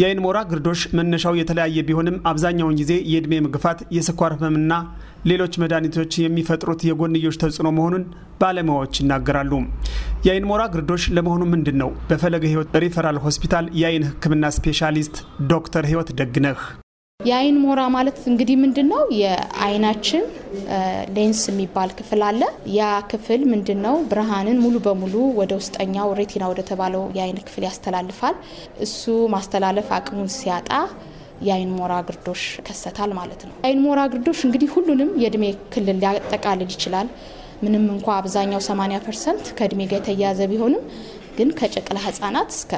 የአይን ሞራ ግርዶሽ መነሻው የተለያየ ቢሆንም አብዛኛውን ጊዜ የዕድሜ ምግፋት የስኳር ህመምና ሌሎች መድኃኒቶች የሚፈጥሩት የጎንዮሽ ተጽዕኖ መሆኑን ባለሙያዎች ይናገራሉ። የአይን ሞራ ግርዶሽ ለመሆኑ ምንድን ነው? በፈለገ ህይወት ሪፈራል ሆስፒታል የአይን ህክምና ስፔሻሊስት ዶክተር ህይወት ደግነህ የአይን ሞራ ማለት እንግዲህ ምንድን ነው? የአይናችን ሌንስ የሚባል ክፍል አለ። ያ ክፍል ምንድን ነው? ብርሃንን ሙሉ በሙሉ ወደ ውስጠኛው ሬቲና ወደ ተባለው የአይን ክፍል ያስተላልፋል። እሱ ማስተላለፍ አቅሙን ሲያጣ የአይን ሞራ ግርዶሽ ይከሰታል ማለት ነው። አይን ሞራ ግርዶሽ እንግዲህ ሁሉንም የእድሜ ክልል ሊያጠቃልል ይችላል። ምንም እንኳ አብዛኛው 80 ፐርሰንት ከእድሜ ጋር የተያያዘ ቢሆንም ግን ከጨቅላ ህጻናት እስከ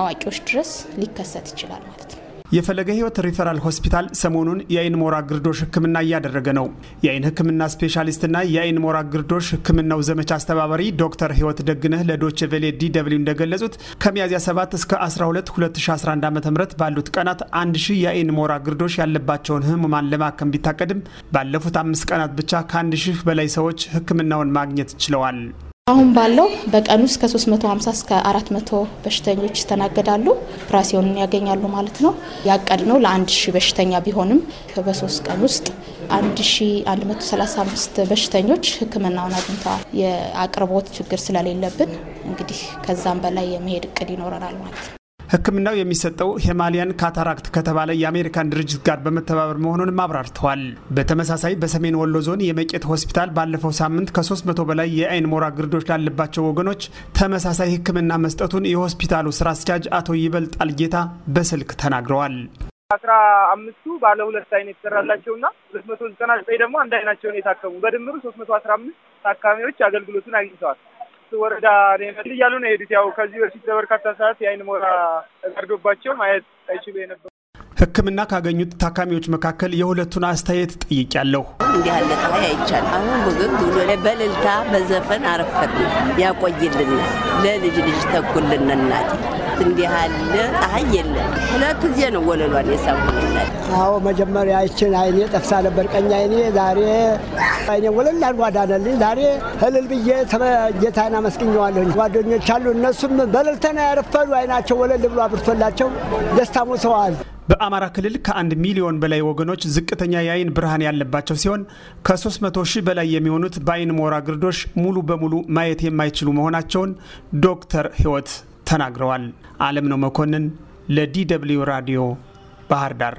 አዋቂዎች ድረስ ሊከሰት ይችላል ማለት ነው። የፈለገ ህይወት ሪፈራል ሆስፒታል ሰሞኑን የአይን ሞራ ግርዶሽ ህክምና እያደረገ ነው። የአይን ህክምና ስፔሻሊስትና የአይን ሞራ ግርዶሽ ህክምናው ዘመቻ አስተባባሪ ዶክተር ህይወት ደግነህ ለዶች ቬሌ ዲ ደብልዩ እንደገለጹት ከሚያዝያ 7 እስከ 12 2011 ዓ ም ባሉት ቀናት 1000 የአይን ሞራ ግርዶሽ ያለባቸውን ህሙማን ለማከም ቢታቀድም ባለፉት አምስት ቀናት ብቻ ከ1000 በላይ ሰዎች ህክምናውን ማግኘት ችለዋል። አሁን ባለው በቀን ውስጥ ከ350 እስከ 400 በሽተኞች ይስተናገዳሉ። ኦፕራሲዮንን ያገኛሉ ማለት ነው። ያቀድነው ለአንድ ሺህ በሽተኛ ቢሆንም በሶስት ቀን ውስጥ 1135 በሽተኞች ሕክምናውን አግኝተዋል። የአቅርቦት ችግር ስለሌለብን እንግዲህ ከዛም በላይ የመሄድ እቅድ ይኖረናል ማለት ነው። ህክምናው የሚሰጠው ሄማሊያን ካታራክት ከተባለ የአሜሪካን ድርጅት ጋር በመተባበር መሆኑንም አብራርተዋል። በተመሳሳይ በሰሜን ወሎ ዞን የመቄት ሆስፒታል ባለፈው ሳምንት ከ300 በላይ የአይን ሞራ ግርዶች ላለባቸው ወገኖች ተመሳሳይ ህክምና መስጠቱን የሆስፒታሉ ስራ አስኪያጅ አቶ ይበልጣል ጌታ በስልክ ተናግረዋል። አስራ አምስቱ ባለ ሁለት አይን የተሰራላቸው እና ሁለት መቶ ዘጠና ዘጠኝ ደግሞ አንድ አይናቸውን የታከሙ በድምሩ ሶስት መቶ አስራ አምስት ታካሚዎች አገልግሎቱን አግኝተዋል። ወረዳ ነመል እያሉ ነው የሄዱት። ያው ከዚህ በፊት ለበርካታ ሰዓት የአይን ሞራ ተቀርዶባቸው ማየት አይችሉ የነበሩ ሕክምና ካገኙት ታካሚዎች መካከል የሁለቱን አስተያየት ጠይቄያለሁ። እንዲህ ያለ ፀሐይ አይቻል። አሁን ምግብ ብሎ በልልታ በዘፈን አረፈን ያቆይልን ለልጅ ልጅ ተኩልን እናት እንዲህ ያለ ፀሐይ የለም። ሁለት ጊዜ ነው ወለሏን የሰሙ አዎ መጀመሪያ ይችን አይኔ ጠፍታ ነበር፣ ቀኝ አይኔ። ዛሬ አይኔ ወለል አድርጎ አዳነልኝ። ዛሬ ህልል ብዬ ጌታን አመስግኘዋለሁኝ። ጓደኞች አሉ፣ እነሱም በለልተና ያረፈሉ አይናቸው ወለል ብሎ አብርቶላቸው ደስታ ሞተዋል። በአማራ ክልል ከአንድ ሚሊዮን በላይ ወገኖች ዝቅተኛ የአይን ብርሃን ያለባቸው ሲሆን ከ300 ሺህ በላይ የሚሆኑት በአይን ሞራ ግርዶሽ ሙሉ በሙሉ ማየት የማይችሉ መሆናቸውን ዶክተር ህይወት ተናግረዋል። አለም ነው መኮንን ለዲ ደብልዩ ራዲዮ ባህር ዳር